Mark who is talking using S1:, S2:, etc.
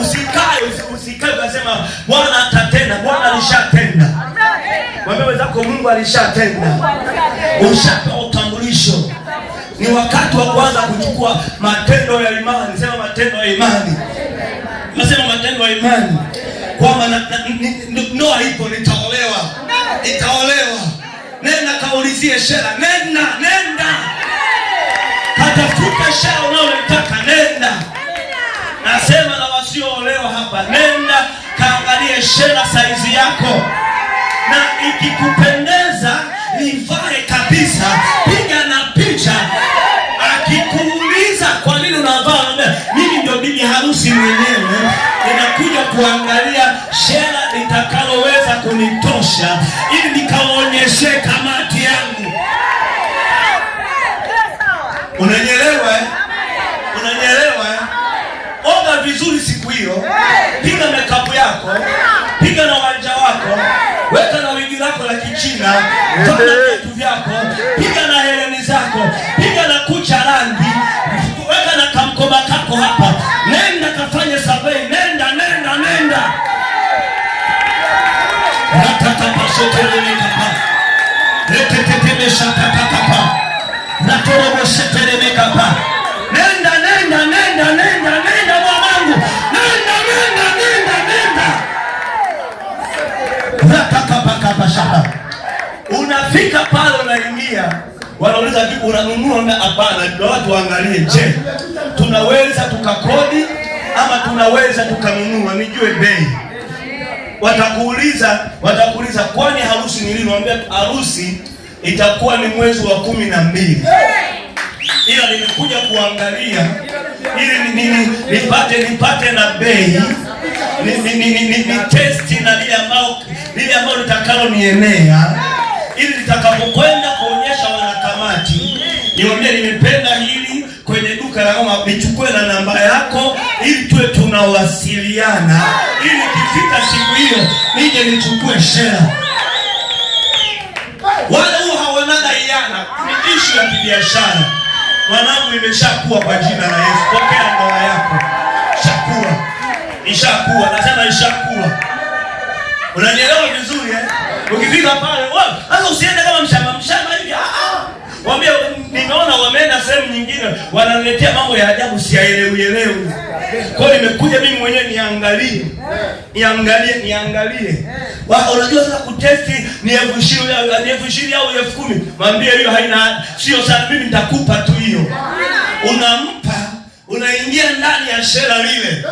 S1: Usikae usikae ukasema Bwana atatenda. Bwana alishatenda. Mwambie wenzako Mungu alishatenda. ushapa utambulisho. Ni wakati wa kwanza kuchukua matendo ya imani. Sema matendo ya imani. Nasema matendo ya imani. Kwamba ndoa ipo, nitaolewa. Nitaolewa. Nenda kaulizie shera. Nenda, nenda. Katafuta shera unayoitaka. jionyeshe na saizi yako, na ikikupendeza nivae kabisa, piga na picha. Akikuuliza kwa nini unavaa, mimi ndio bibi harusi mwenyewe, ninakuja kuangalia shela litakaloweza kunitosha ili nikaonyeshe kamati yangu. tona vitu vyako, piga na hereni zako, piga na kucha rangi, weka na kamkoba kako hapa, nenda kafanye survey, nenda nenda nenda ratatapasotelenikapa retetetemesha Wanafika pale naingia wanauliza unanunua na hapana, ndio watu waangalie, je, tunaweza tukakodi ama tunaweza tukanunua, nijue bei. Watakuuliza, watakuuliza kwani harusi ni lini? harusi itakuwa ni mwezi wa kumi na mbili, ila nimekuja kuangalia ili nipate nipate na bei ni, ni, ni, ni, ni, ni testi na lile ambayo litakalo nienea ili nitakapokwenda kuonyesha wanakamati, niwaambie nimependa hili kwenye duka la mama, nichukue na namba yako ili tuwe tunawasiliana, ili kifika siku hiyo nije nichukue share. Wale huwa hawanaga iana, ishu ya kibiashara. Mwanangu, imeshakuwa kwa jina la Yesu, pokea ndoa yako, shakuwa ishakuwa, nasema ishakuwa Unanielewa vizuri eh? Ukifika pale, sasa usiende kama mshamba mshamba hivi. Ah ah. Waambie nimeona wameenda sehemu nyingine, wananiletea mambo ya ajabu siyaelewi elewi. Kwa hiyo nimekuja mimi mwenyewe niangalie. Niangalie, niangalie. Wa unajua sasa kutesti ni elfu ishirini au elfu ishirini au elfu kumi. Mwambie hiyo haina sio sana, mimi nitakupa tu hiyo. Unampa, unaingia ndani ya shela lile.